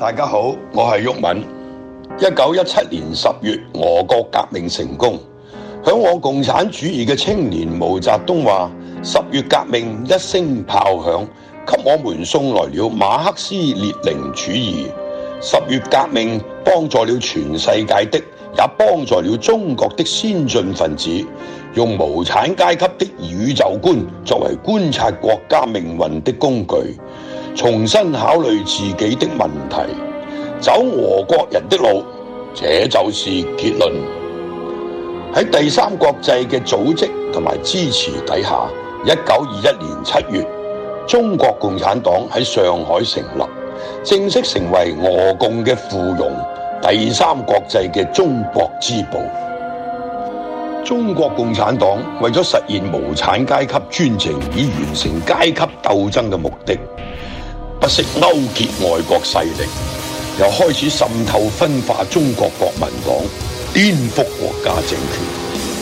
大家好，我係郁敏。一九一七年十月，俄國革命成功。向往共產主義嘅青年毛澤東話：十月革命一聲炮響，給我們送來了馬克思列寧主義。十月革命幫助了全世界的，也幫助了中國的先進分子，用無產階級的宇宙觀作為觀察國家命運的工具。重新考慮自己的問題，走俄國人的路，這就是結論。喺第三國際嘅組織同埋支持底下，一九二一年七月，中國共產黨喺上海成立，正式成為俄共嘅附庸，第三國際嘅中國支部。中國共產黨為咗實現無產階級專政以完成階級鬥爭嘅目的。不惜勾結外國勢力，又開始滲透分化中國國民黨，顛覆國家政權，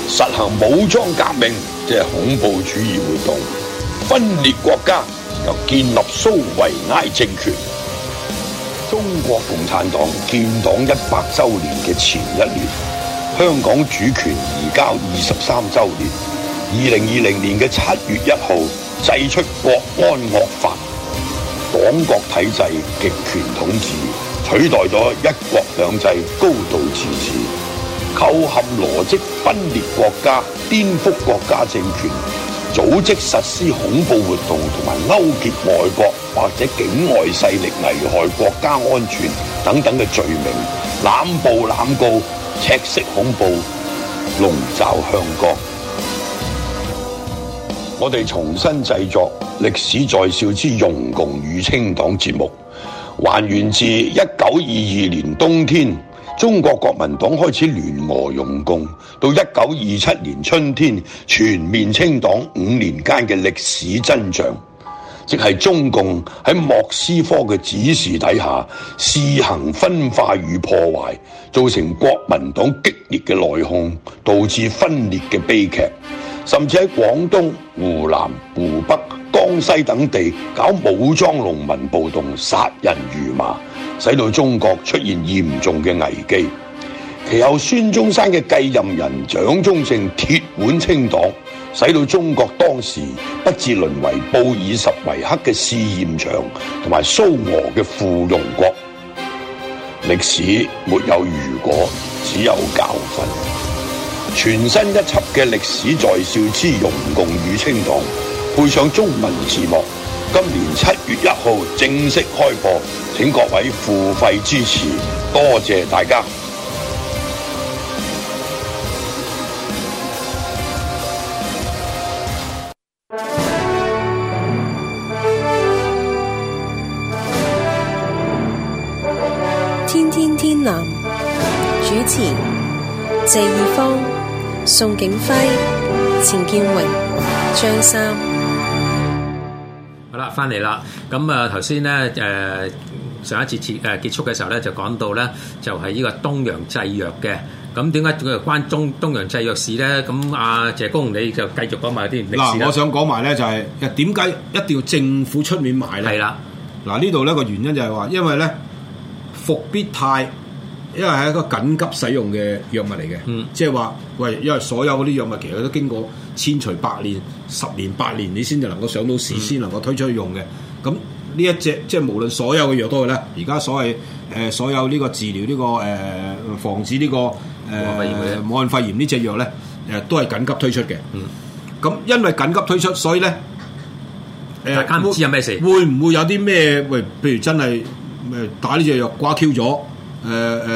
實行武裝革命，即係恐怖主義活動，分裂國家，又建立蘇維埃政權。中國共產黨建黨一百週年嘅前一年，香港主權移交二十三週年，二零二零年嘅七月一號，祭出國安惡法。黨國體制極權統治取代咗一國兩制高度自治，構陷羅織分裂國家、顛覆國家政權、組織實施恐怖活動同埋勾結外國或者境外勢力危害國家安全等等嘅罪名，濫捕濫告、赤色恐怖籠罩香港。我哋重新製作歷史在笑之容共與清黨節目，還原至一九二二年冬天，中國國民黨開始聯俄容共，到一九二七年春天全面清黨五年間嘅歷史真相，即係中共喺莫斯科嘅指示底下試行分化與破壞，造成國民黨激烈嘅內訌，導致分裂嘅悲劇。甚至喺廣東、湖南、湖北、江西等地搞武裝農民暴動，殺人如麻，使到中國出現嚴重嘅危機。其後孫中山嘅繼任人蔣中正鐵腕清黨，使到中國當時不至淪為布爾什維克嘅試驗場同埋蘇俄嘅附庸國。歷史沒有如果，只有教訓。全新一輯嘅歷史在笑之容共與清黨，配上中文字幕，今年七月一號正式開播，請各位付費支持，多謝大家。天天天藍主持謝義方、宋景輝、陳建榮、張三，好啦，翻嚟啦。咁啊，頭先咧，誒，上一次結誒結束嘅時候咧，就講到咧，就係呢個東洋製藥嘅。咁點解佢又關東東洋製藥事咧？咁阿謝工，你就繼續講埋啲歷史啦。嗱，我想講埋咧就係，點解一定要政府出面買咧？係啦，嗱，呢度咧個原因就係話，因為咧復必泰。因為係一個緊急使用嘅藥物嚟嘅，即係話喂，因為所有嗰啲藥物其實都經過千錘百煉、十年八年，你先至能夠上到市，先能夠推出去用嘅。咁呢一隻即係無論所有嘅藥都係咧，而家所謂誒所有呢個治療呢個誒防止呢個誒武漢肺炎呢隻藥咧誒都係緊急推出嘅。咁因為緊急推出，所以咧誒，唔知有咩事，會唔會有啲咩喂？譬如真係誒打呢隻藥瓜 Q 咗？誒誒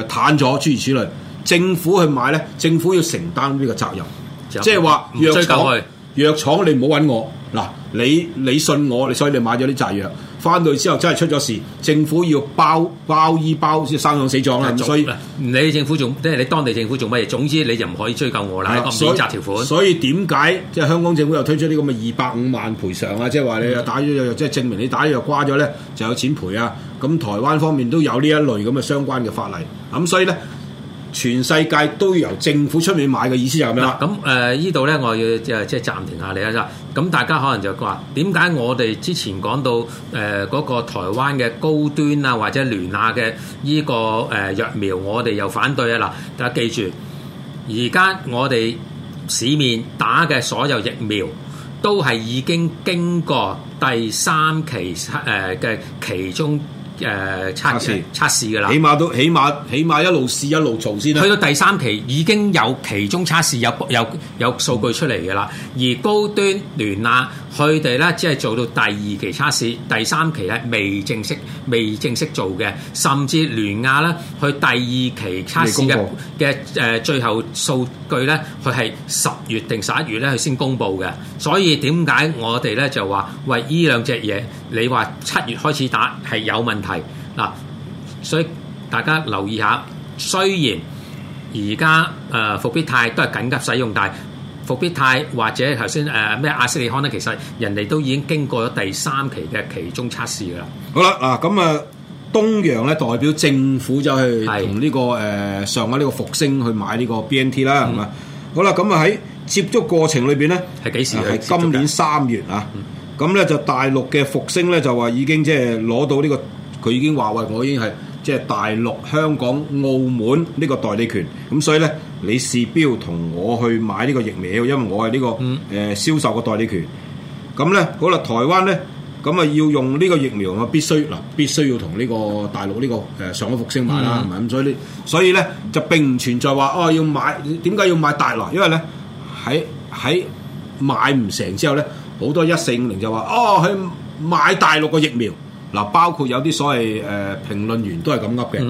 誒，癱咗諸如此類，政府去買咧，政府要承擔呢個責任，即係話藥廠，藥廠你唔好搵我，嗱，你你信我，你所以你買咗啲雜藥，翻到去之後真係出咗事，政府要包包醫包，先生養死葬啦。所以唔理政府做，即係你當地政府做乜嘢，總之你就唔可以追究我啦。免責條款。所以點解即係香港政府又推出呢咁嘅二百五萬賠償啊？即係話你又打咗藥，即係證明你打藥瓜咗咧，就有錢賠啊？咁台灣方面都有呢一類咁嘅相關嘅法例，咁所以咧，全世界都要由政府出面買嘅意思就係咁啦。咁誒，呢度咧，我要即係即係暫停下你啦。咁大家可能就話，點解我哋之前講到誒嗰個台灣嘅高端啊，或者聯亞嘅呢個誒藥苗，我哋又反對啊？嗱，大家記住，而家我哋市面打嘅所有疫苗都係已經經過第三期誒嘅其中。誒、呃、測，測試、呃、測試嘅啦，起碼都起碼起碼一路試一路做先啦、啊。去到第三期已經有其中測試有有有數據出嚟嘅啦，而高端聯亞、啊。佢哋咧只係做到第二期測試，第三期咧未正式、未正式做嘅，甚至聯亞咧佢第二期測試嘅嘅誒最後數據咧，佢係十月定十一月咧，佢先公布嘅。所以點解我哋咧就話喂，依兩隻嘢，你話七月開始打係有問題嗱？所以大家留意下，雖然而家誒復必泰都係緊急使用，但係復必泰或者頭先誒咩阿斯利康咧，其實人哋都已經經過咗第三期嘅期中測試噶啦。好啦，嗱咁啊，東洋咧代表政府就去同呢、這個誒是、呃、上海呢個復星去買呢個 BNT 啦、嗯，係嘛？好啦，咁啊喺接觸過程裏邊咧，係幾時？係今年三月、嗯、啊。咁咧就大陸嘅復星咧就話已經即係攞到呢、這個，佢已經話喂，我已經係即係大陸、香港、澳門呢個代理權，咁所以咧。你是必要同我去買呢個疫苗，因為我係呢、這個誒銷、嗯呃、售個代理權。咁咧，好啦，台灣咧，咁啊要用呢個疫苗啊，必須嗱、呃，必須要同呢個大陸呢、這個誒、呃、上海復星買啦，係咪、嗯？咁所以呢，所以咧就並唔存在話哦要買，點解要買大陸？因為咧喺喺買唔成之後咧，好多一四五零就話哦去買大陸個疫苗。嗱、呃，包括有啲所謂誒、呃、評論員都係咁噏嘅。誒、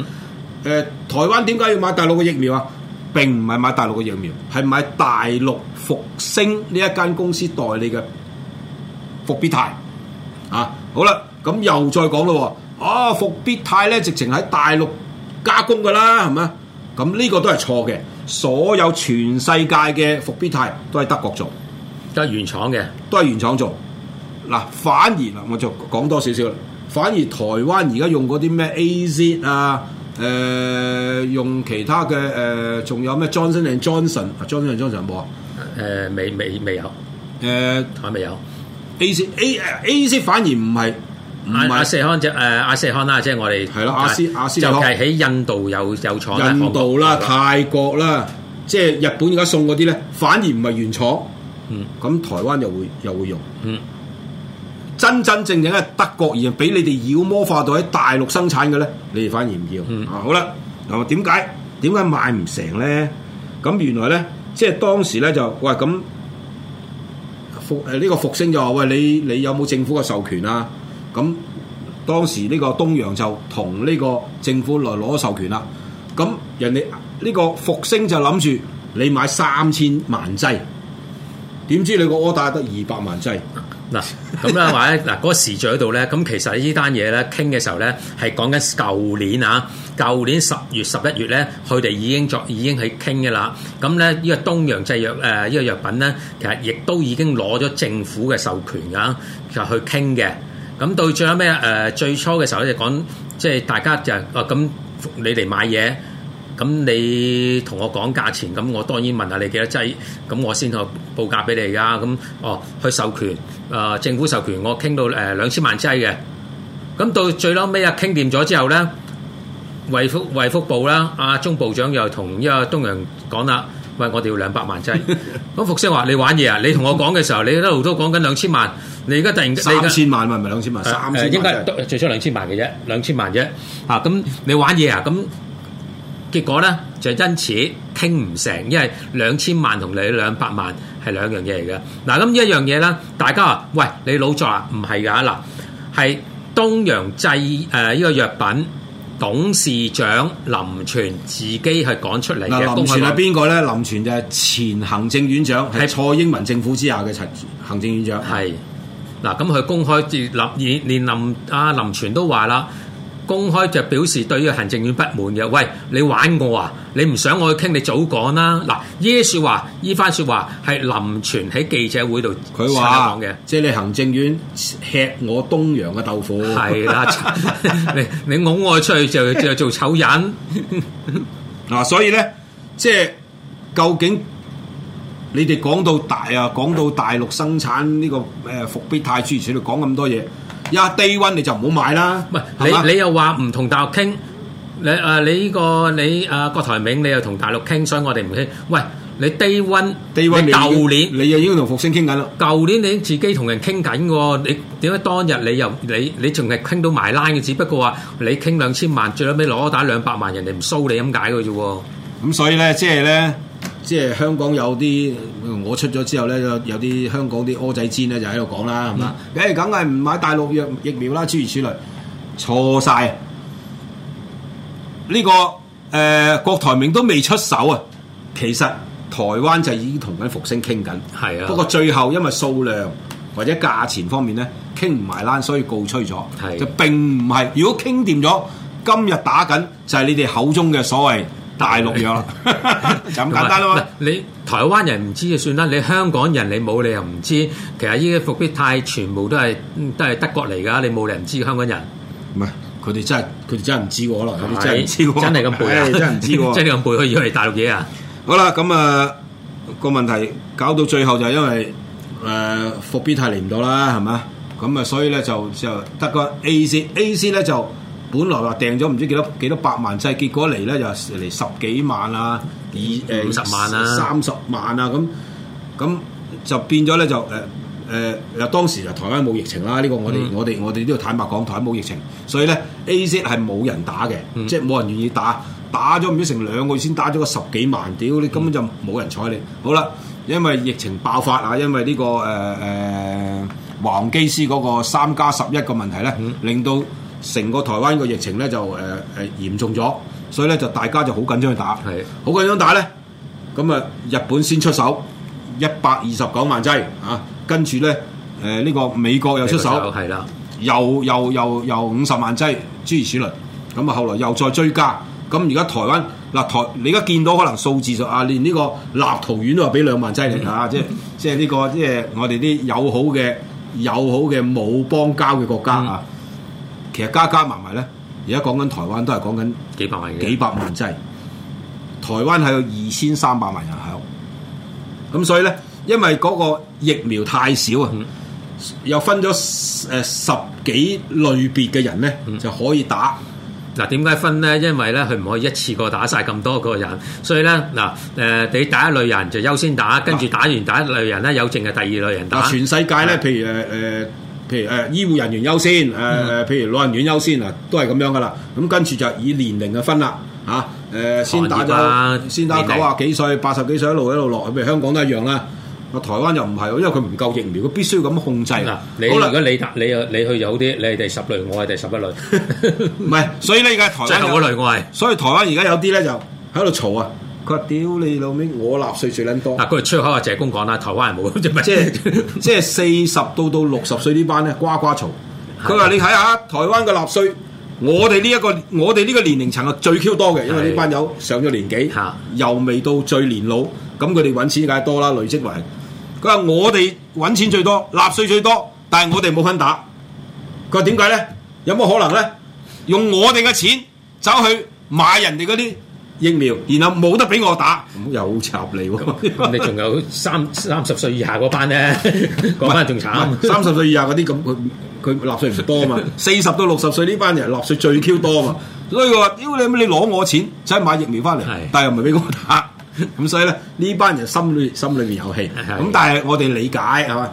嗯，台灣點解要買大陸個疫苗啊？並唔係買大陸嘅疫苗，係買大陸復星呢一間公司代理嘅復必泰啊！好啦，咁又再講咯，哦、啊，復必泰咧直情喺大陸加工噶啦，係咪啊？咁呢個都係錯嘅，所有全世界嘅復必泰都係德國做，都係原廠嘅，都係原廠做。嗱、啊，反而啦，我就講多少少啦，反而台灣而家用嗰啲咩 AZ 啊。誒、呃、用其他嘅誒，仲、呃、有咩 Johnson and Johnson？Johnson、Johnson 有冇啊？誒未未未有。誒、呃、有未有？A C A A C 反而唔係唔係，阿四康，即係阿四康啦，即係我哋係咯。阿斯阿斯利康，就係喺印度有有廠。有印度啦、泰國啦，即係日本而家送嗰啲咧，反而唔係原廠。嗯，咁台灣又會又會用。嗯。真真正正嘅德國而啊，比你哋妖魔化到喺大陸生產嘅咧，你哋反而唔要、嗯、啊！好啦，嗱，點解點解賣唔成咧？咁、啊、原來咧，即係當時咧就喂咁復誒呢個復星就話：喂，你你有冇政府嘅授權啊？咁、啊、當時呢個東洋就同呢個政府來攞授權啦、啊。咁、啊、人哋呢、這個復星就諗住你買三千萬劑，點知你個柯 r 得二百萬劑？嗱，咁咧話咧，嗱嗰、嗰個時序喺度咧，咁其實呢單嘢咧傾嘅時候咧，係講緊舊年啊，舊年十月十一月咧，佢哋已經作已經係傾嘅啦。咁咧，呢個東洋製藥誒呢、呃呢個藥品咧，其實亦都已經攞咗政府嘅授權啊，其就去傾嘅。咁到最後咩啊、呃？最初嘅時候咧就講，即係大家就哦、是、咁，啊、你嚟買嘢。咁你同我講價錢，咁我當然問下你幾多劑，咁我先去報價俾你噶。咁哦，去授權，啊政府授權，我傾到誒兩千萬劑嘅。咁到最嬲尾啊，傾掂咗之後咧，衛福衛福部啦，阿中部長又同呢個東洋講啦，喂，我哋要兩百萬劑。咁復星話你玩嘢啊，你同我講嘅時候，你一路都講緊兩千萬，你而家突然間三千萬，咪唔係兩千萬？三千萬，應該最初兩千萬嘅啫，兩千萬啫。啊，咁你玩嘢啊，咁。結果咧就因此傾唔成，因為兩千萬同你兩百萬係兩樣嘢嚟嘅。嗱，咁呢一樣嘢咧，大家話：喂，你老作啊？唔係㗎嗱，係東洋製，誒呢個藥品董事長林全自己係講出嚟嘅。林全係邊個咧？林全就係前行政院長，係是蔡英文政府之下嘅陳行政院長。係嗱，咁佢公開，連，連林阿、啊、林全都話啦。公開就表示對於行政院不滿嘅，喂，你玩我啊！你唔想我去傾，你早講啦。嗱，呢説話，呢番説話係林全喺記者會度佢話嘅，的即係你行政院吃我東洋嘅豆腐。係啦的， 你你㧬我出去就就做醜人嗱、 啊，所以咧，即係究竟你哋講到大啊，講到大陸生產呢、這個誒復、呃、必泰專，喺度講咁多嘢。一低温你就唔好買啦。唔喂吧你你又話唔同大陸傾，你誒、呃、你呢、這個你誒個、呃、郭台銘你又同大陸傾，所以我哋唔傾。喂，你低温低温，舊年你又應該同復星傾緊咯。舊年你自己同人傾緊嘅，你點解當日你又你你仲係傾到埋拉嘅？只不過話你傾兩千萬，最屘尾攞打兩百萬人哋唔收你咁解嘅啫。咁、嗯、所以咧，即係咧。即係香港有啲、呃，我出咗之後咧，有有啲香港啲蚵仔煎咧就喺度講啦，係嘛、嗯？誒，梗係唔買大陸藥疫苗啦，諸如此，如此類，錯晒。呢、這個誒，郭、呃、台銘都未出手啊。其實台灣就已經同緊復星傾緊，係是啊。不過最後因為數量或者價錢方面咧傾唔埋欄，所以告吹咗。係是、啊、就並唔係，如果傾掂咗，今日打緊就係、是、你哋口中嘅所謂。大陸嘢咁簡單咯。你台灣人唔知就算啦。你香港人你冇理由唔知。其實依啲復必泰全部都係都係德國嚟噶。你冇理由唔知香港人。唔係，佢哋真係佢哋真係唔知喎。可能佢哋真係、啊、真係咁背。 真係唔知喎。真係咁背，佢以為大陸嘢啊。 好啦，咁啊、那個問題搞到最後就係因為誒復必泰嚟唔到啦，係、啊、嘛？咁啊，所以咧就就德國 AC AC 咧就。本來話訂咗唔知幾多幾多百萬劑，結果嚟咧就嚟十幾萬啊，二誒五十萬啊，三十萬啊咁咁就變咗咧就誒誒又當時就台灣冇疫情啦，呢、呢個我哋、嗯、我哋我哋都要坦白講，台灣冇疫情，所以咧 AZ 係冇人打嘅，嗯、即係冇人願意打，打咗唔知成兩個月先打咗個十幾萬，屌你根本就冇人睬你。好啦，因為疫情爆發啊，因為呢、呢個誒誒、呃呃、黃基斯嗰個三加十一個問題咧，嗯、令到。成個台灣個疫情咧就誒誒、呃、嚴重咗，所以咧就大家就好緊張去打，好緊張打咧，咁啊是的 日本先出手一百二十九萬劑啊，跟住咧誒呢、呃這個美國又出手，係啦，又又又又五十萬劑諸如此類，咁啊後來又再追加，咁而家台灣嗱、啊、台你而家見到可能數字就啊連呢個立陶宛都話俾兩萬劑你、嗯、啊，即係 即係呢個即係我哋啲友好嘅友好嘅冇邦交嘅國家啊！嗯其實加加埋埋咧，而家講緊台灣都係講緊幾百萬嘅，幾百萬劑。萬劑台灣係有二千三百萬人口，咁所以咧，因為嗰個疫苗太少啊，嗯、又分咗誒十幾類別嘅人咧，嗯、就可以打。嗱點解分咧？因為咧佢唔可以一次過打晒咁多個人，所以咧嗱誒，你、呃、打一類人就優先打，跟住打完第一類人咧，啊、有剩係第二類人打。啊、全世界咧，譬如誒誒。呃呃譬如誒、呃、醫護人員優先，誒、呃、誒譬如老人院優先啊，都係咁樣噶啦。咁跟住就以年齡嘅分啦，嚇、啊、誒、呃、先打咗先打九啊幾歲、八十幾歲一路一路落去，譬如香港都一樣啦。我台灣又唔係，因為佢唔夠疫苗，佢必須要咁控制。啊、你，好啦你如果你你你，你去有啲，你係第十類，我係第十一類，唔 係。所以呢，而家台灣有，第十一所以台灣而家有啲咧就喺度嘈啊。佢屌你老味，我納稅最撚多。嗱是，佢係出口啊！謝公講啦，台灣人冇即係即係四十到到六十歲呢班咧瓜瓜嘈。佢話：你睇下台灣嘅納稅，我哋呢一個我哋呢個年齡層係最 Q 多嘅，因為呢班友上咗年紀，又 未到最年老，咁佢哋揾錢梗係多啦，累積埋。佢話：我哋揾錢最多，納稅最多，但係我哋冇份打。佢話點解咧？有冇可能咧？用我哋嘅錢走去買人哋嗰啲疫苗，然後冇得俾我打，咁又插你喎！你仲有三三十歲以下嗰班咧，嗰班仲慘。三十歲以下嗰啲咁佢佢納稅唔多啊嘛，四十 到六十歲呢班人納稅最 Q 多啊嘛，所以佢話屌你咁你攞我錢，想買疫苗翻嚟，是的 但係又唔係俾我打，咁所以咧呢班人心裏心裏面有氣，咁是的 但係我哋理解嚇。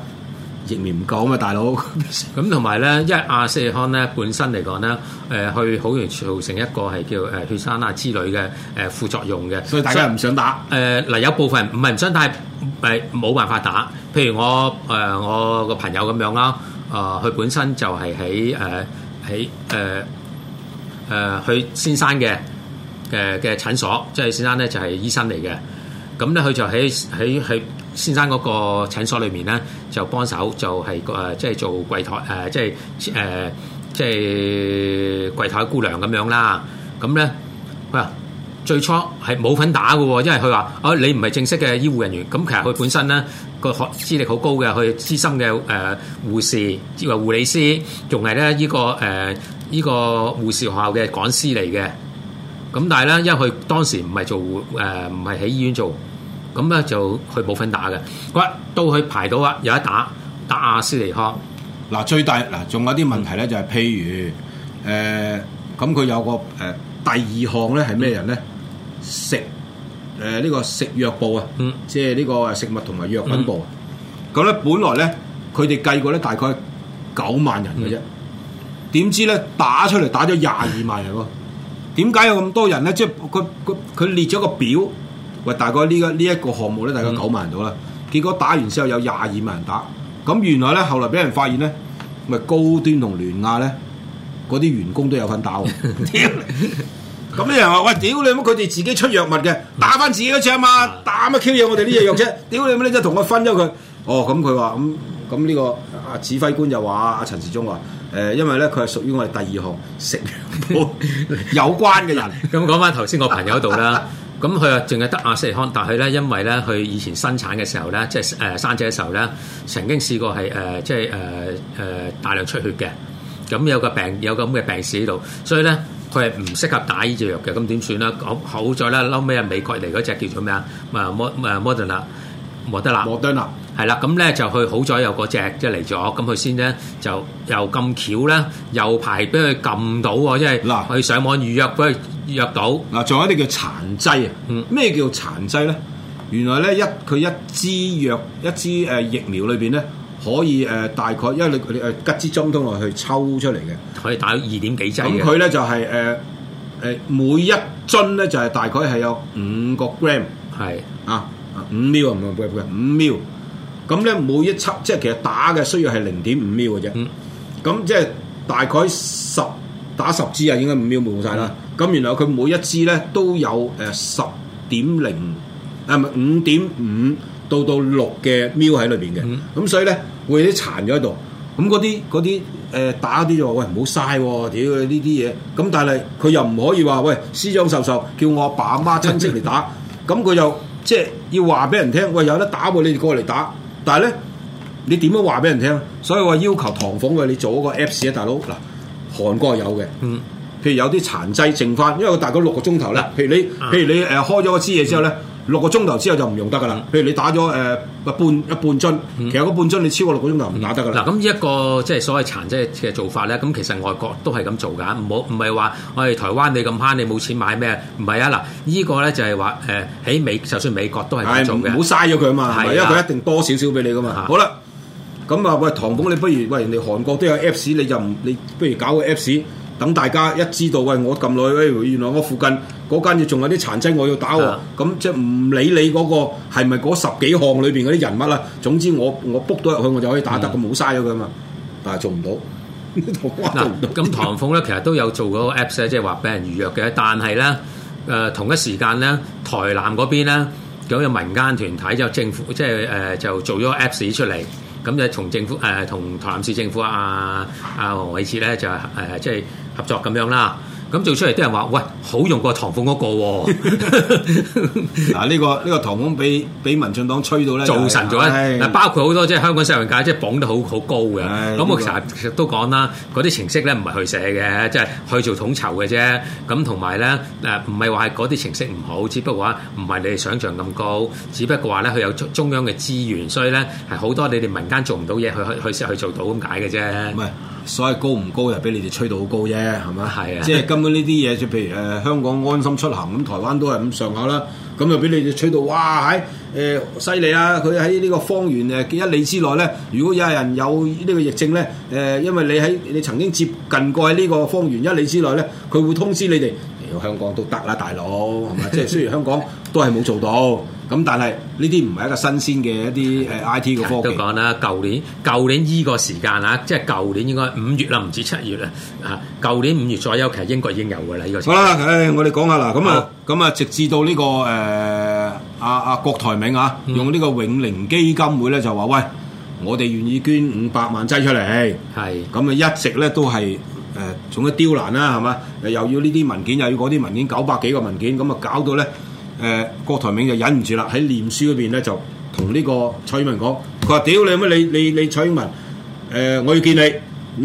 疫苗唔夠啊嘛，大佬。 咁同埋咧，因為阿四康咧本身嚟講咧，誒、呃，佢好容易造成一個係叫誒、呃、血栓啊之類嘅誒、呃、副作用嘅。所以大家唔想打。誒嗱、呃，有部分人唔係唔想打，係冇、呃、辦法打。譬如我誒、呃、我個朋友咁樣啦，啊、呃，佢本身就係喺誒喺誒誒佢先生嘅嘅嘅診所，即係先生咧就係、是、醫生嚟嘅。咁咧佢就喺喺喺，先生嗰個診所裏面咧，就幫手就係個即係做櫃台誒，即係誒，即係櫃台姑娘咁樣啦。咁咧，佢話最初係冇份打嘅，因為佢話：哦、啊，你唔係正式嘅醫護人員。咁其實佢本身咧個學資歷好高嘅，佢資深嘅誒護士，以為護理師，仲係咧依個誒依個護士學校嘅講師嚟嘅。咁但係咧，因為佢當時唔係做護誒，唔係喺醫院做。咁咧就去冇份打嘅，哇！到佢排到啊，有一打打阿斯利康。嗱，最大嗱，仲有啲問題咧，嗯、就係譬如誒，咁、呃、佢有個誒、呃、第二項咧，係咩人咧？食誒呢、呃這個食藥部啊，嗯、即係呢個食物同埋藥品部啊。咁咧、嗯，本來咧佢哋計過咧，大概九萬人嘅啫。點、嗯、知咧打出嚟打咗廿二萬人喎？點解 有咁多人咧？即係佢佢佢列咗個表。喂，大概呢個呢一個項目咧，大概九萬人到啦。嗯、結果打完之後有廿二萬人打，咁原來咧，後來俾人發現咧，咪高端同聯亞咧，嗰啲員工都有份打喎。屌！咁啲人話：喂，屌你咁佢哋自己出藥物嘅，打翻自己嗰隻啊嘛，打乜 Q 嘢？我哋呢隻藥啫。屌你咁你真係同我分咗佢。哦，咁佢話咁，咁呢、嗯嗯這個阿指揮官就話阿陳時中話：誒、呃，因為咧佢係屬於我哋第二項食藥有關嘅人。咁講翻頭先我朋友度啦。 啊啊啊啊啊啊咁佢啊，淨係得阿斯利康，但係咧，因為咧，佢以前生產嘅時候咧，即係誒、呃、生仔嘅時候咧，曾經試過係誒、呃、即係誒誒大量出血嘅，咁有個病有個咁嘅病史喺度，所以咧，佢係唔適合打依隻藥嘅，咁點算咧？好好在咧，孻尾美國嚟嗰隻叫做咩啊？誒摩誒摩頓納莫德納莫德納，係啦，咁咧就佢好在有嗰隻即係嚟咗，咁佢先咧就又咁巧咧，又排俾佢撳到喎，即係嗱喊上網預約佢。藥到嗱，仲有一啲叫殘劑啊！咩、嗯、叫殘劑咧？原來咧一佢一支藥一支誒、呃、疫苗裏邊咧，可以誒、呃、大概因為佢誒吉之針通落去抽出嚟嘅，可以打二點幾劑。咁佢咧就係誒誒每一樽咧就係大概係有五個 gram，係是啊，五秒唔係五秒，五秒咁咧每一針即係其實打嘅需要係零點五秒嘅啫。咁、嗯、即係大概十打十支啊，應該五秒冇晒啦。嗯咁原來佢每一支咧都有誒十點零啊唔係五點五到到六嘅 ml 喺裏邊嘅，咁、嗯、所以咧會啲殘咗喺度。咁嗰啲啲誒打啲就話喂唔好嘥喎，屌呢啲嘢。咁但係佢又唔可以話喂私相授受，叫我阿爸阿媽親戚嚟打。咁佢又即係要話俾人聽，喂有得打喎，你哋過嚟打。但係咧你點樣話俾人聽？所以話要求唐鳳嘅你做一個 apps 啊，大佬嗱韓國有嘅。 譬如有啲殘劑剩翻，因為佢大概六個鐘頭啦。吧譬如你，啊、譬如你誒、呃、開咗支嘢之後咧，六、嗯、個鐘頭之後就唔用得噶啦。嗯、譬如你打咗誒、呃、半一半樽，其實個半樽你超過六個鐘頭唔打得噶啦。嗱、嗯，咁、嗯嗯啊、一個即係所謂殘劑嘅做法咧，咁其實外國都係咁做噶，唔好唔係話我哋台灣你咁慳，你冇錢買咩？唔係啊嗱，呢、這個咧就係話誒喺美，美美美美美就算美國都係咁做嘅，唔好嘥咗佢啊嘛，因為佢一定多少少俾你噶嘛。的好啦，咁啊喂，唐總，你不如喂人哋韓國都有 Apps，你就唔你不如搞個 Apps。等大家一知道喂，我撳落去，誒原來我附近嗰間嘢仲有啲殘劑，我要打喎，咁即係唔理你嗰個係咪嗰十幾項裏邊嗰啲人物啦，總之我我 book 到入去我就可以打得，佢冇晒咗㗎嘛。但係做唔到 app, 人人 wedge, 呢，咁唐鳳咧其實都有做嗰個 apps 即係話俾人預約嘅，但係咧誒同一時間咧，台南嗰邊咧咁有民間團體就政府即係誒就做咗 apps 出嚟，咁就從政府誒同台南市政府阿阿黃偉哲咧就誒即係。啊合作咁樣啦，咁做出嚟啲人話喂，好用過唐鳳嗰個，嗱呢個呢個唐鳳俾俾民進黨吹到咧，做神咗啦。嗱、啊，包括好多即係、就是、香港新聞界，即係捧得好好高嘅。咁、哎、我其實這個 都講啦，嗰啲程式咧唔係去寫嘅，即、就、係、是、去做統籌嘅啫。咁同埋咧，誒唔係話係嗰啲程式唔好，只不過話唔係你哋想象咁高，只不過話咧佢有中央嘅資源，所以咧係好多你哋民間做唔到嘢，去佢佢去,去,去做到咁解嘅啫。唔係。所以高唔高，就高，又俾你哋吹到好高啫，係嘛？係啊，即係根本呢啲嘢，即譬如誒、呃、香港安心出行，咁台灣都係咁上下啦，咁就俾你哋吹到哇係誒犀利啊！佢喺呢個方圓誒一里之內咧，如果有人有呢個疫症咧，誒、呃、因為你喺你曾經接近過喺呢個方圓一里之內咧，佢會通知你哋、欸。香港都得啦，大佬，係嘛？即係 雖然香港都係冇做到。咁但係呢啲唔係一個新鮮嘅一啲誒 I T 嘅科技都講啦，舊年舊年依個時間啊，即係舊年應該五月啦，唔止七月啊。啊，舊年五月左右，其實英國已經有㗎啦。呢、這個好啦了，誒、嗯，我哋講下啦，咁啊、嗯，咁啊，直至到呢、這個誒阿阿郭台銘啊，用呢個永齡基金會咧就話喂，我哋願意捐五百萬劑出嚟。係咁啊，一直咧都係誒，仲、呃、要刁難啦，係嘛？又要呢啲文件，又要嗰啲文件，九百幾個文件，咁啊搞到咧。誒、呃、郭台銘就忍唔住啦，喺臉書嗰邊咧就同呢個蔡英文講，佢話：屌你有乜你你你蔡英文誒、呃，我要見你，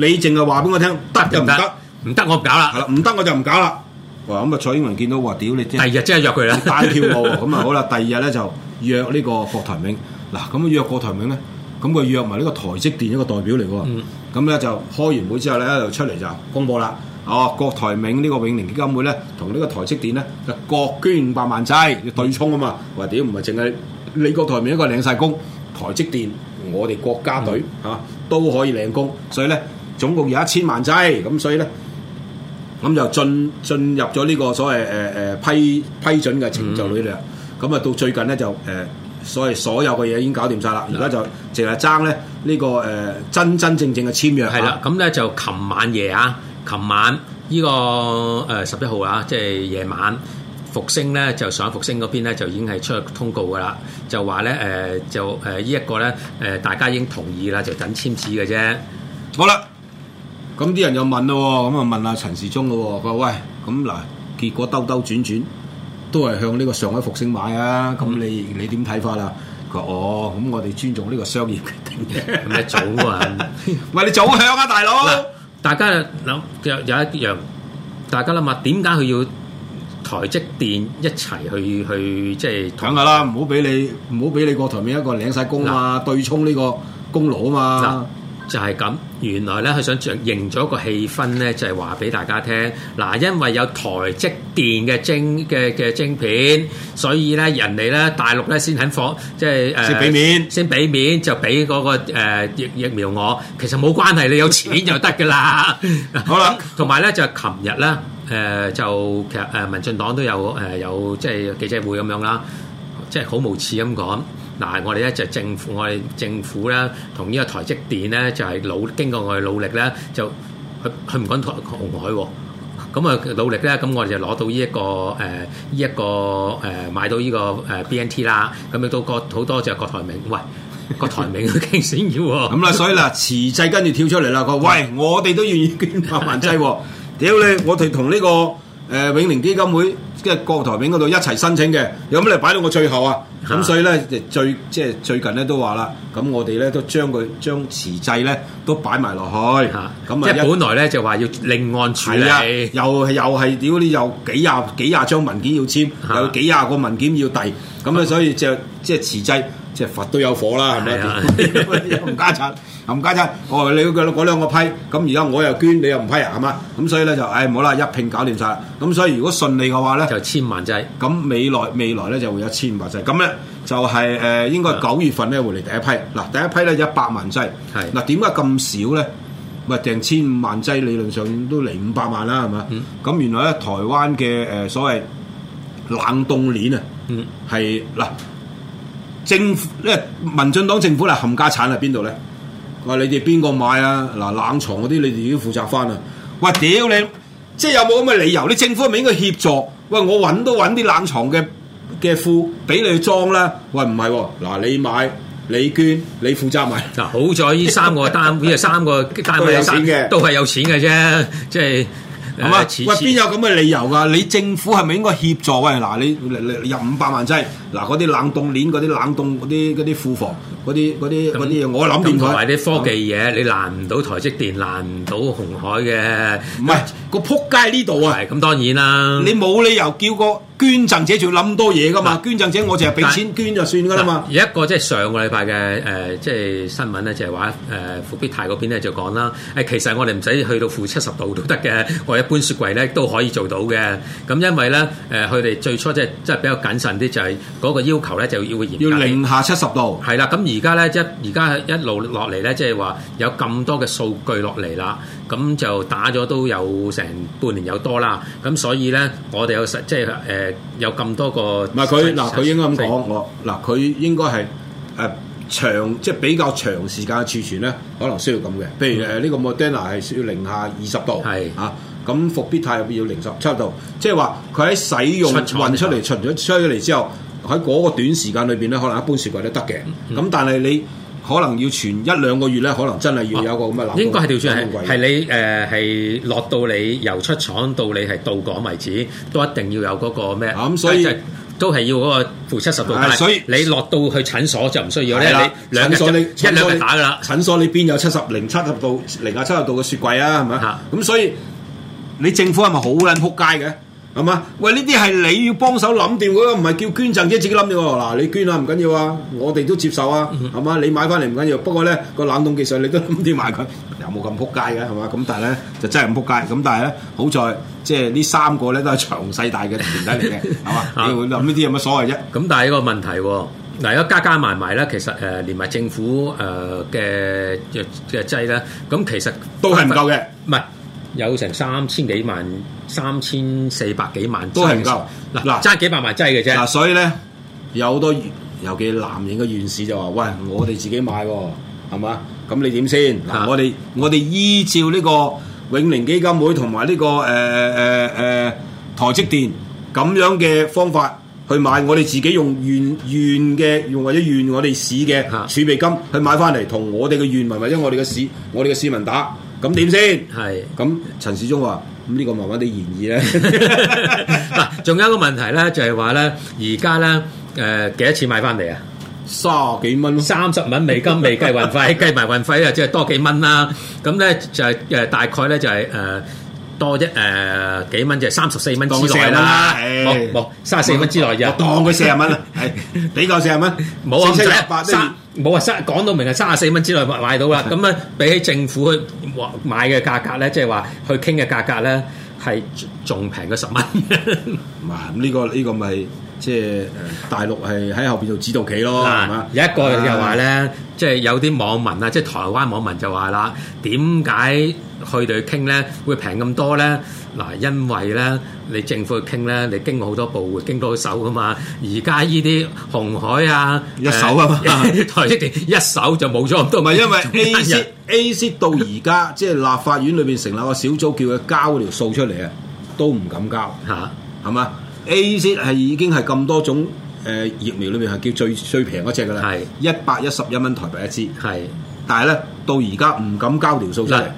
你淨係話俾我聽，得就唔得、嗯，唔得我搞啦，係啦，唔得我就唔搞啦。咁啊，蔡英文見到話：屌你，第二日真係約佢啦，大跳路咁啊，好啦，第二日咧就約呢個郭台銘。嗱，咁約郭台銘咧，咁佢約埋呢個台積電一個代表嚟喎。咁咧就開完會之後咧，就出嚟就公佈啦。哦，郭台銘呢個永齡基金會咧，同呢個台積電咧，就各捐五百萬劑，要對沖啊嘛。話屌唔係淨係你郭台銘一個領晒工，台積電我哋國家隊嚇、嗯啊、都可以領工，所以咧總共有一千萬劑，咁所以咧咁就進進入咗呢個所謂誒誒、呃、批批准嘅程序裏邊。咁啊、嗯、到最近咧就誒、呃、所謂所有嘅嘢已經搞掂晒啦，而家就淨係爭咧呢、這個誒、呃、真真正正嘅簽約。係啦的，咁咧就琴晚夜啊。琴晚呢個誒十一號啊，即係夜晚，復星咧就上海復星嗰邊咧就已經係出咗通告噶啦，就話咧誒就誒呢一個咧誒大家已經同意啦，就等簽字嘅啫。好啦，咁啲人又問咯、哦，咁啊問阿陳時中咯，佢話喂，咁嗱，結果兜兜轉轉都係向呢個上海復星買啊，咁、嗯、你你點睇法啊？佢話哦，咁我哋尊重呢個商業決定，嘅。」咁你早啊？喂，你早響啊，大佬！啊大家諗有，有一樣，大家諗下點解佢要台積電一齊去去即係，搶下啦！唔好俾你唔好俾你個台面一個領晒功啊嘛，啊對沖呢個功勞啊嘛。啊就係咁，原來咧佢想營咗個氣氛咧，就係話俾大家聽嗱，因為有台積電嘅晶嘅嘅晶片，所以咧人哋咧大陸咧先肯放，即係誒先俾面，先俾面就俾嗰個誒疫疫苗我。其實冇關係，你有錢就得噶啦。好啦，同埋咧就琴日咧，誒就其實誒民進黨都有誒有即係記者會咁樣啦，即係好無恥咁講。嗱、啊，我哋咧就政府，我哋政府咧同呢個台積電咧就係、是、努經過我哋努力咧，就去佢唔講台紅海喎、哦，咁、嗯、啊努力咧，咁、嗯、我哋就攞到呢、這、一個誒依一個誒、呃、買到呢、這個誒 BNT 啦，咁啊都個好多隻郭台銘，喂郭台銘都驚要妖咁啦，所以嗱慈濟跟住跳出嚟啦，佢話喂我哋都願意捐百萬劑喎，屌你，我哋同呢個誒永齡基金會即係郭台銘嗰度一齊申請嘅，有乜你擺到我最後啊？咁所以咧，亦最即係最近咧都話啦，咁我哋咧都將佢將辭制咧都擺埋落去。嚇，咁啊，即係本來咧就話要另案處理，又又係屌你，有幾廿幾廿張文件要簽，有的幾廿個文件要遞，咁啊，所以就即係辭制，即係佛都有火啦，係咪啊？唔的 加薪冚家產，我、哦、話你嗰個嗰兩個批，咁而家我又捐，你又唔批啊，係嘛？咁所以咧就，唉、哎，好啦，一拼搞掂晒。咁所以如果順利嘅話咧，就千萬劑。咁未來未來咧就會有千萬劑。咁咧就係、是、誒、呃，應該九月份咧會嚟第一批。嗱，第一批咧一百萬劑。係嗱的，點解咁少咧？咪係訂千五萬劑，理論上都嚟五百萬啦，係嘛？咁、嗯、原來咧台灣嘅誒所謂冷凍鏈啊，嗯，係嗱，民進黨政府咧，民進黨政府咧冚家產喺邊度咧？話你哋邊個買啊？嗱、啊，冷藏嗰啲你哋已經負責翻啦。喂，屌喂你，即係有冇咁嘅理由？你政府係咪應該協助？喂，我搵都搵啲冷藏嘅嘅庫俾你裝啦。喂，唔係、啊，嗱、啊，你買，你捐，你負責買。嗱、啊，好在呢三個單位啊， 三個單位有錢嘅，都係有錢嘅啫。即係，咁啊，喂，邊有咁嘅理由噶、啊？你政府係咪應該協助？喂，嗱、啊，你入五百萬即係嗱，嗰、啊、啲、啊、冷凍鏈、嗰啲冷凍、嗰啲嗰啲庫房。嗰啲嗰啲嗰啲我諗電台同埋啲科技嘢，那你攔唔到台積電，攔唔到鴻海嘅。唔係個仆街呢度啊！係咁當然啦。你冇理由叫個。捐贈者仲要諗多嘢噶嘛？的捐贈者我淨係俾錢但捐就算噶啦嘛。有一個即係上個禮拜嘅誒，即係新聞咧就係話誒復必泰嗰邊咧就講啦。誒其實我哋唔使去到負七十度都得嘅，我一般雪櫃咧都可以做到嘅。咁因為咧誒佢哋最初即係即係比較謹慎啲，就係、是、嗰個要求咧就要嚴。要零下七十度。係啦，咁而家咧即而家一路落嚟咧，即係話、就是、有咁多嘅數據落嚟啦。咁、嗯、就打咗都有成半年有多啦。咁所以咧，我哋有實即係誒。呃有咁多個唔係佢嗱，佢應該咁講我嗱，佢應該係誒、呃、長即係比較長時間儲存咧，可能需要咁嘅。譬如誒呢個莫 n a 係需要零下二十度係嚇，咁是、啊、復必泰入邊要零十七度。即係話佢喺使用出床 運出嚟，存咗出咗嚟之後，喺嗰個短時間裏邊咧，可能一般雪況都得嘅。咁、嗯、但係你。可能要存一兩個月咧，可能真係要有個咁嘅諗。應該係條雪櫃係係你誒係落到你由出廠到你係到港為止，都一定要有嗰個咩？咁所以都係要嗰個負七十度。所以你落到去診所就唔需要咧。的你兩日一兩日打㗎啦。診所呢邊有七十零七十度、零下七十度嘅雪櫃啊？係咪？咁的所以你政府係咪好撚撲街嘅？係嘛？喂，呢啲係你要幫手諗掂嗰個，唔係叫捐贈者自己諗嘢喎。嗱、啊，你捐啦，唔緊要啊，我哋都接受啊。係嘛，你買翻嚟唔緊要。不過咧，個冷凍技術你都唔掂，埋佢又冇咁撲街嘅，係嘛？咁但係咧就真係咁撲街。咁但係咧，好在即係呢三個咧都係長勢大嘅團體嚟嘅，係嘛？ 你會諗呢啲有乜所謂啫？咁、 嗯、但係一個問題，嗱，如果加加埋埋咧，其實誒、呃、連埋政府誒嘅嘅制咧，咁、呃、其實都係唔夠嘅，唔係、嗯。有成三千幾萬、三千四百幾萬，都係唔夠。嗱嗱、啊，爭幾百萬劑嘅啫。嗱、啊啊，所以咧有好多尤其男型嘅縣市就話，喂，我哋自己買喎、哦，係嘛？咁你點先？嗱是、啊，我哋我哋依照呢個永齡基金會同埋呢個誒誒誒台積電咁樣嘅方法去買，我哋自己用縣縣嘅，用或者縣我哋市嘅儲備金去買返嚟，同我哋嘅縣民或者我哋嘅市，我哋嘅市民打。咁點先？係咁，陳時中話咁呢個慢慢啲研議咧。嗱，仲有一個問題咧，就係話咧，而家咧誒幾多錢買翻嚟啊？卅幾蚊咯，三十蚊美金未計運費，計埋運費咧，即係多幾蚊啦。咁咧就係誒大概咧就係誒多一誒幾蚊，就係三十四蚊之內啦。冇冇，三十四蚊之內，我當佢四十蚊啦，係俾夠四十蚊，冇啊，七十八。冇話三講到明係三十四蚊之內買到啦，咁咧是的 比起政府去買嘅價格咧，即係話去傾嘅價格咧，係仲平過十蚊。唔啊，呢、 這個呢、這個咪即係誒大陸係喺後邊做指導企咯，有喏吧一個又話咧但，即係有啲網民啊，即係台灣網民就話啦，點解去對佢傾咧會平咁多咧？嗱，因為咧，你政府去傾咧，你經好多步，經過多手噶嘛。而家依啲鴻海啊，一手啊，台積電一手就冇咗咁多咪？因為 A C A C 到而家， 即係立法院裏邊成立個小組，叫佢交條數出嚟啊，都唔敢交嚇，係嘛？A C 係已經係咁多種誒、呃、疫苗裏邊係叫最最平嗰隻㗎啦，係一百一十一蚊台幣一支，係是的，但係咧到而家唔敢交條數出嚟。是的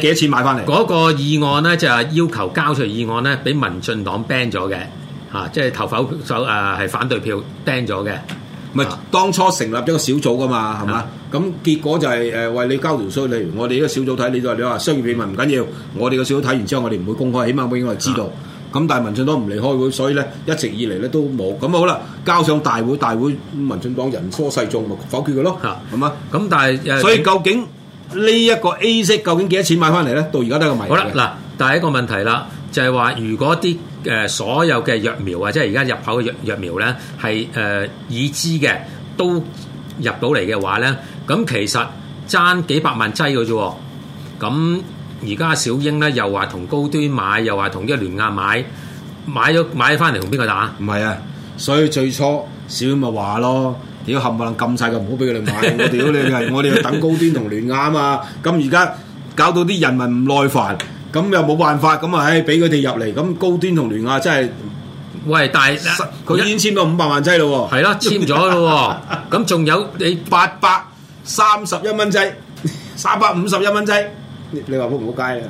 幾多錢買翻嚟？嗰個議案咧就係、是、要求交出議案咧，俾民進黨 ban 咗嘅，吓，即係投否手誒係反對票 ban 咗嘅。咪係、啊、當初成立咗個小組噶嘛，係嘛？咁是的 結果就係誒為你交條稅，例如我哋呢個小組睇，你就你話商業秘密唔緊要，我哋個小組睇完之後，我哋唔會公開，起碼我哋應該知道。咁、啊、但係民進黨唔嚟開會，所以咧一直以嚟咧都冇。咁好啦，交上大會，大會民進黨人多勢眾，咪否決佢咯，係嘛吧？咁、啊、但係，所以究竟、嗯？呢一個 A 式究竟幾多錢買翻嚟咧？到而家都係個謎。好啦，嗱，第一個問題啦，就係、是、話如果啲誒、呃、所有嘅藥苗啊，即係而家入口嘅藥藥苗咧，係誒、呃、已知嘅都入到嚟嘅話咧，咁其實爭幾百萬劑嘅啫。咁而家小英咧又話同高端買，又話同一聯亞買，買咗買翻嚟同邊個打？唔係啊，所以最初小英咪話咯。屌冚唪唥撳晒就唔好俾佢哋買。 我屌你嘅！我哋要等高端同聯亞啊嘛。咁而家搞到啲人民唔耐煩，咁 又冇辦法。咁啊，唉，俾佢哋入嚟。咁高端同聯亞真係，喂！但係佢十已，已經簽到五百萬劑啦。係啦，簽咗啦。咁仲 有你八百三十一蚊劑，三百五十一蚊劑，你話好唔好街啊？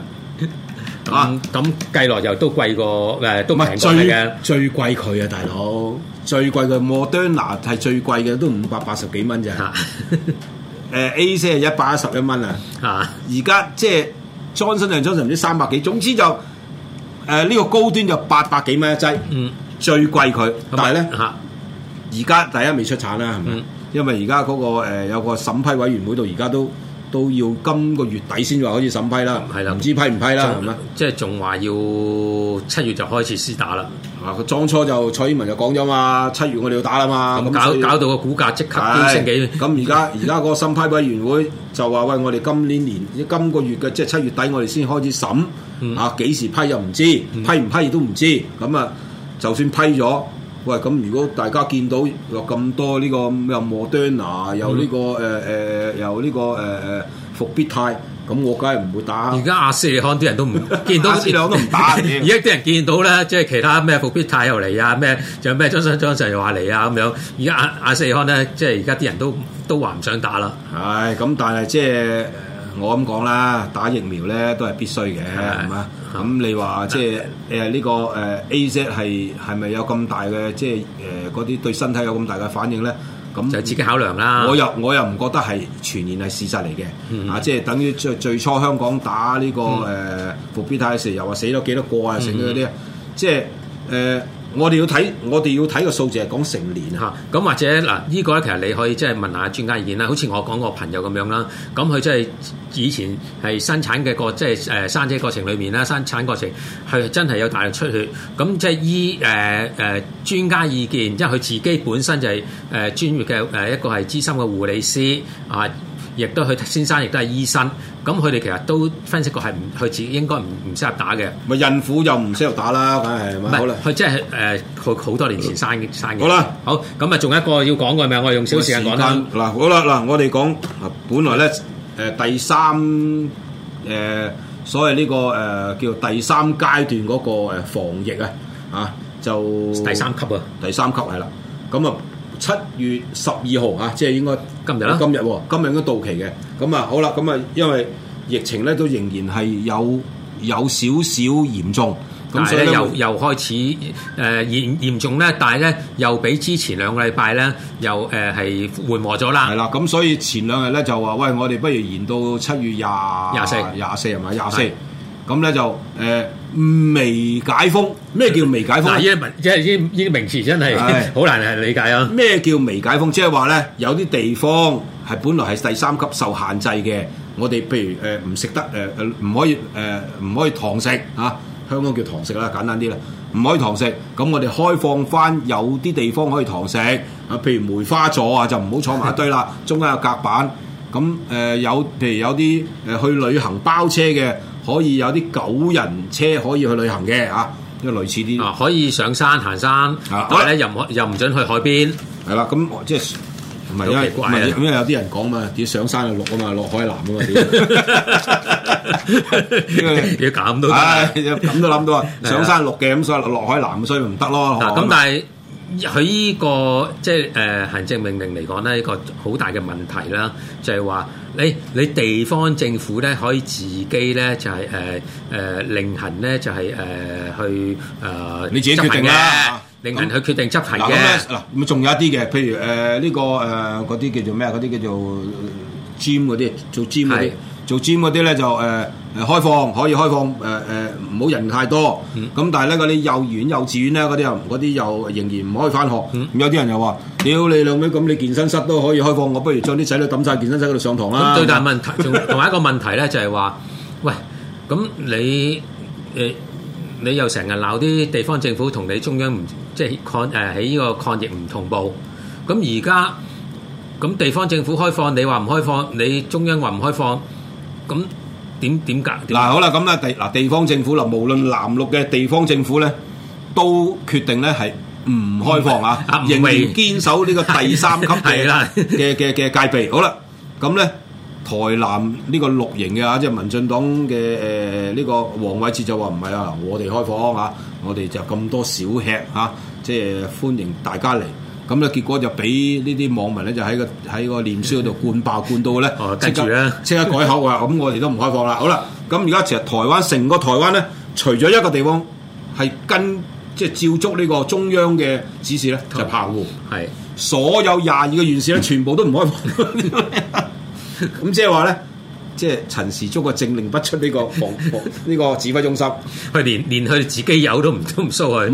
啊，咁計落又都貴過，誒都平過嘅。最最貴佢啊，大佬，最貴嘅莫德納係最貴嘅，都五百八十幾蚊啫。誒、 呃、A c 係一百一十一蚊啊。而家 即係裝新量裝成唔知三百幾。總之就誒呢、呃這個高端就八百幾蚊一劑。嗯，最貴佢，吧但係咧，而家 第一未出產啦，係咪？因為而家嗰個、呃、有個審批委員會到而家都。都要今個月底先至開始審批啦，係啦的，唔知批唔批啦，咁啊就，嗎即係仲話要七月就開始試打啦。啊，佢當初就蔡英文就講咗嘛，七月我哋要打啦嘛，嗯、樣搞搞到個股價即刻升幾？咁而家而家個審批委員會就話喂，我哋今年年今個月嘅，即係七月底我哋先開始審，嗯、啊幾時批又唔知，嗯、批唔批都唔知，咁啊就算批咗。喂，咁如果大家見到有咁多呢、這個又莫德納，又呢、這個誒誒又呢個誒誒復必泰，咁我梗係唔會打。而家阿斯利康啲人都唔 見到疫苗都唔打。而家啲人見到咧，即係其他咩復必泰又嚟啊，咩仲有咩張生張生又話嚟啊咁樣。而家阿阿斯利康咧，即係而家啲人都都話唔想打啦。係，咁但係即係我咁講啦，打疫苗咧都係必須嘅，係嘛的？咁、嗯、你話、嗯、即係誒呢個誒、呃、AZ 係係咪有咁大嘅即係誒嗰啲對身體有咁大嘅反應咧？咁就自己考量啦。我又我又唔覺得係傳言係事實嚟嘅。嗯嗯啊，即係等於最最初香港打呢、這個誒復必泰時，又話死咗幾多個啊？死咗嗰啲即係誒。呃我哋要睇，我哋要睇個數字係講成年嚇，咁、啊、或者嗱，依、這個咧其實你可以即係問下專家意見啦。好似我講個朋友咁樣啦，咁佢即係以前係生產嘅、就是、過，即係誒生仔過程裏面啦，生產過程係真係有大量出血。咁即係依誒誒專家意見，因為佢自己本身就係誒專業嘅誒一個係資深嘅護理師啊。亦都佢先生亦都係醫生，咁佢哋其實都分析過係唔佢自己應該唔唔適合打嘅。咪孕婦又唔適合打啦，梗係咪好啦。佢即係誒，佢、呃、好多年前生嘅，吧生嘅。好啦，好咁啊，仲有一個要講嘅係咪，我哋用少時間講啦。嗱，好啦，嗱，我哋講啊，本來咧誒、呃、第三誒、呃、所謂呢、呢個誒、呃、叫做第三階段嗰個防疫啊，啊就第三級啊，第三級係啦，咁啊。嗯嗯嗯嗯七月十二號啊，即係應該今日啦，今日今日應該到期嘅。咁啊，好啦，咁啊，因為疫情咧都仍然係有有少少嚴重，咁所以又又開始誒嚴、呃、嚴重咧，但係咧又比之前兩個禮拜咧又誒係緩和咗啦。係啦，咁所以前兩日咧就話喂，我哋不如延到七月廿廿四廿四係咪廿四？咁咧就誒微解封，咩叫微解封？嗱，依一文即係依啲依啲名詞，真係好難係理解啊！咩叫微解封？即係話咧，有啲地方係本來係第三級受限制嘅，我哋譬如誒唔食得誒誒唔可以誒唔可以堂食嚇，香港叫堂食啦，簡單啲啦，唔可以堂食。咁我哋開放翻有啲地方可以堂食啊，譬如梅花座啊，就唔好坐埋一堆啦，中間有隔板。咁誒有譬如有啲誒去旅行包車嘅。可以有啲九人車可以去旅行嘅啊，呢個類似啲啊，可以上山行山，但係咧又唔可又唔準去海邊，係啦，咁即係唔係好奇怪啊？咁因為有啲人講嘛，啲上山就綠啊嘛，落海藍啊嘛，點解要減到？唉，咁都諗到啊，上山綠嘅，咁所以落海藍所以唔得咯。咁但係。佢依個即係誒行政命令嚟講咧，一個好大嘅問題啦，就係話你你地方政府咧可以自己咧就係誒誒另行咧就係誒去誒你自己決定啦，另行去決定執行嘅。嗱，咁仲有一啲嘅，譬如誒呢個誒嗰啲叫做咩，嗰啲叫做 gym 嗰啲做 gym 嗰啲做 gym 嗰啲咧就誒。呃誒開放可以開放誒誒，唔、呃、好、呃、人太多。咁、嗯、但係咧，嗰啲幼兒園、幼稚園咧，嗰啲又啲又仍然唔可以返學。嗯、有啲人又話，屌、呃、你老味，咁你健身室都可以開放，我不如將啲仔女抌晒健身室嗰度上堂啦。最大問題仲同埋一個問題咧， 就係話，喂，咁你誒你，你又成日鬧啲地方政府同你中央唔即係抗誒喺呢個抗疫唔同步。咁而家咁地方政府開放，你話唔開，開放，你中央話唔開放，咁。點點夾？嗱、 啊、好啦，咁咧地嗱地方政府啦，無論藍綠嘅地方政府咧，都決定咧係唔開放啊，啊仍然堅守呢個第三級嘅嘅嘅嘅戒備。好啦，咁咧台南呢個綠營嘅、呃這個、啊，啊，啊，即係民進黨嘅誒呢個黃偉哲就話唔係啊，我哋開放啊，我哋就咁多小吃啊，即係歡迎大家嚟。咁咧，結果就俾呢啲網民咧，就喺個喺個臉書嗰度灌爆灌到咧，即刻即刻改口話：咁 我哋都唔開放啦。好啦，咁而家其實台灣成個台灣咧，除咗一個地方係跟即係照足呢個中央嘅指示咧，就澎、是、湖係是所有廿二個縣市咧，全部都唔開放。咁 即係話咧，即係陳時中個政令不出呢個防暴呢 個指揮中心，佢連連佢自己有都唔都唔收佢。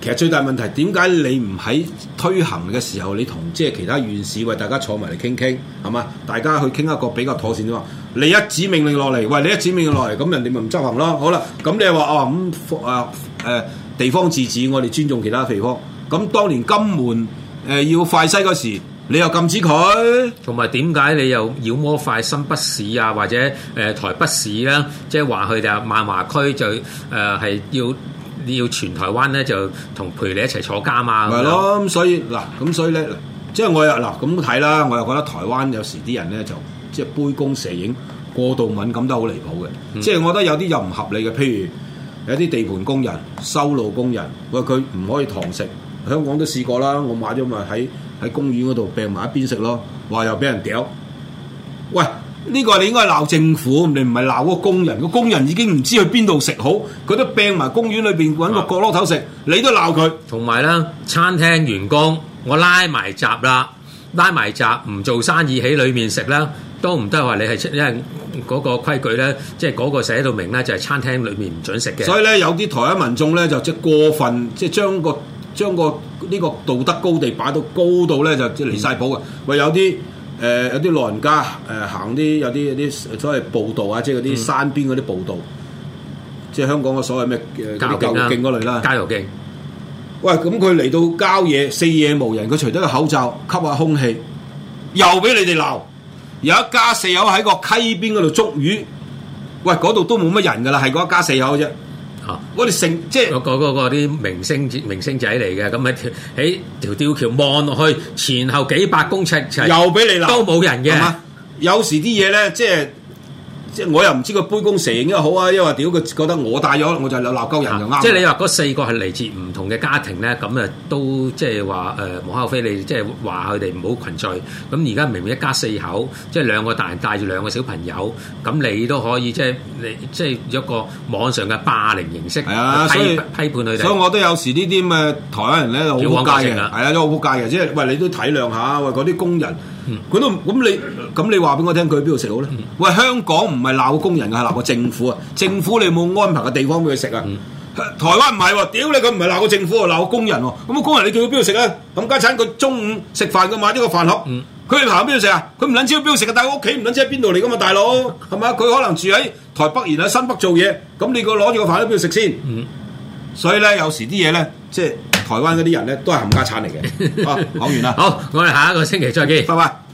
其實最大問題，點解你唔喺推行嘅時候，你同即係其他縣市為大家坐埋嚟傾傾，係嘛？大家去傾一個比較妥善啲嘛？你一紙命令落嚟，喂，你一紙命令落嚟，咁人哋咪唔執行咯？好啦，咁你話哦，咁誒誒地方自治，我哋尊重其他地方。咁、啊、當年金門誒、啊、要快篩嗰時，你又禁止佢，同埋點解你又妖魔化新北市啊？或者誒、呃、台北市啦、啊，即係話佢就萬華區就誒係、呃、要。你要全台灣咧就同陪你一齊坐監啊！咪咯，咁所以嗱，咁所以咧，即係我又嗱咁睇啦，我又覺得台灣有時啲人咧就即係杯弓蛇影、過度敏感都好離譜嘅。嗯、即係我覺得有啲又唔合理嘅，譬如有啲地盤工人、修路工人，喂佢唔可以堂食，香港都試過啦，我買咗咪喺喺公園嗰度病埋一邊食咯，話又俾人屌，喂！呢個係你應該鬧政府，你唔係鬧個工人。個工人已經唔知去邊度食好，佢都病埋公園裏邊揾個角落頭食，你都鬧佢。同埋咧，餐廳員工，我拉埋閘啦，拉埋閘唔做生意喺裏面食啦，都唔得話你係，因為嗰個規矩咧，即係嗰個寫到明咧，就係餐廳裏面唔準食嘅。所以咧，有啲台灣民眾咧，就即係過分，即係將個將個呢個道德高地擺到高度咧，就即係離曬譜嘅。喂，有啲。誒、呃，有啲老人家誒、呃，行啲有啲有啲所謂步道啊，即係嗰啲山邊嗰啲步道，即係香港嘅所謂咩誒郊遊徑嗰類啦。郊遊徑，喂，咁佢嚟到郊野四野無人，佢除咗個口罩吸下空氣，又俾你哋鬧。有一家四口喺個溪邊嗰度捉魚，喂，嗰度都冇乜人噶啦，係嗰一家四口啫。我哋成即係嗰嗰嗰啲明星明星仔嚟嘅，咁喺喺條吊橋望落去，前後幾百公尺，又俾你啦，都冇人嘅。有時啲嘢咧，即係。 即係我又唔知個杯弓蛇影又好啊，因為屌佢覺得我帶咗，我就有鬧鳩人又啱、啊。即係你話嗰四個係嚟自唔同嘅家庭咧，咁誒都即係話誒，無、呃、可非你即係話佢哋唔好群聚。咁而家明明一家四口，即係兩個大人帶住兩個小朋友，咁你都可以即係你即係一個網上嘅霸凌形式。係啊，所以批判佢哋。所以我都有時呢啲咁嘅台灣人咧，好撲街嘅。係啊，都好撲街嘅，即係喂你都體諒下，喂嗰啲工人。佢、嗯、都咁你咁你話俾我聽佢去邊度食好咧？嗯、喂，香港唔係鬧工人嘅，係鬧個政府啊！政府你有冇安排個地方俾佢食啊？嗯、台灣唔係喎，屌你，佢唔係鬧個政府，鬧個工人喎、啊。咁、嗯、個工人你叫佢邊度食啊？咁家產佢中午食飯，佢買呢個飯盒，佢喺邊度食啊？佢唔捻知要邊度食嘅，但係屋企唔捻知喺邊度嚟噶嘛，大佬係咪？佢可能住喺台北，然喺新北做嘢，咁你個攞住個飯喺邊度食先？嗯、所以咧，有時啲嘢咧，即係。台灣嗰啲人咧，都係冚家鏟嚟嘅。 ，啊，講完啦。好，我哋下一個星期再見。拜拜。